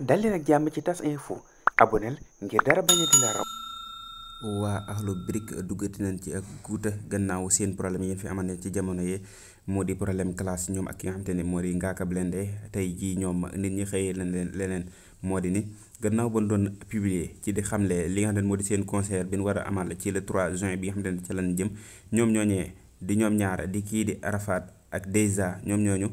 dalli nag jàmm ci tas info aboneel ngir dara bañ a di la raw waa axlu BRIC duggati nañ ci ak guuta gannaaw seen problème yi fi amoon ci jamono yi moo di problème classe ñoom ak ki nga xamante ne moo di Ngaaka Blindé tey jii ñoom nit ñi xëyee leen leneen moo di ni gannaaw ba doon publier ci di xamle li nga xam ne moo di seen concert bi nu war a amal ci le trois juin bi nga xamante ne ca lañ jëm ñoom ñooñee di ñoom ñaar di kii di Arafat ak Deiza ñoom ñooñu.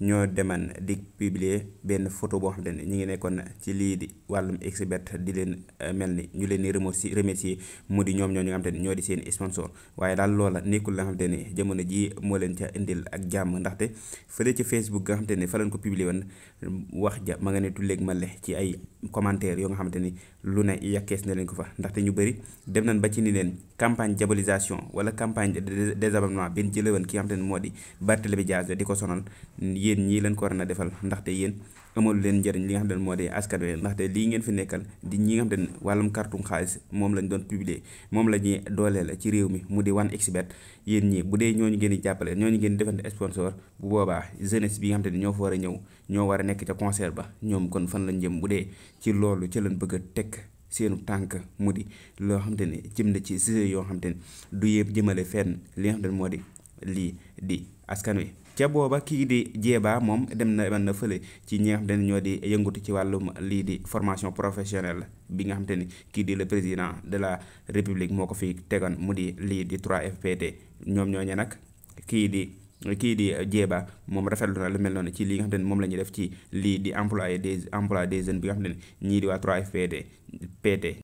ñoo deman di publier benn photo boo xam ne ñu ngi nekkoon ci lii di wàllum Xbet di leen eh, mel ni ñu leen di remercier remercier mu di ñoom ñoo ñu nga xam ne ñoo di seen sponsor waaye daal loola nekkul la nga xam ne jamono jii moo leen ca indil ak jàmm ndaxte fële ci Facebook nga xam ne fa lañ ko publier woon wax ja ma nga ne tulleeg ma le ci ay commentaire yoo nga xam ne lu ne yàkkees na leen ko fa ndaxte ñu bëri dem nañ ba ci ni leen campagne diabolisation wala campagne de désabonnement benn jëlewoon ki nga xam ne moo di Barthélémy Dias di ko sonal yéen ñii leen ko war na defal ndaxte yéen amalu leen njëriñ li nga xam ne moo di askan wi ndaxte lii ngeen fi nekkal di ñi nga xam ne wàllum kartum xaalis moom lañ doon publier moom la dooleel ci réew mi mu di wan expert yéen ñii bu dee ñooñu ngeen di jàppale ñooñu ngeen di defante sponsor bu boobaa jeunesse bi nga xam ne a ñëw ñoo war a nekk ca concert ba ñoom kon fan lañ jëm bu dee ci loolu ca lañ bëgg a tekk seenu tànk mu di loo xam ne jëm na ci sujet yoo xam te ne du yëpp jëmale fenn li nga xam ne moo di lii di askan wi ca booba kii di jeebaa moom dem na man na fële ci ñi nga xam ne ñoo di yëngutu ci wàllu lii di formation professionnelle bi nga xam te ni kii di le président de la république moo ko fi tegoon mu di lii di 3FPT ñoom ñooñu nag kii di kii di jeeba moom rafetlu na lu mel noonu ci li nga xam ne moom la ñuy def ci lii di emploi des emploi des jeunes bi nga xam ne ñii di waa 3FPT PT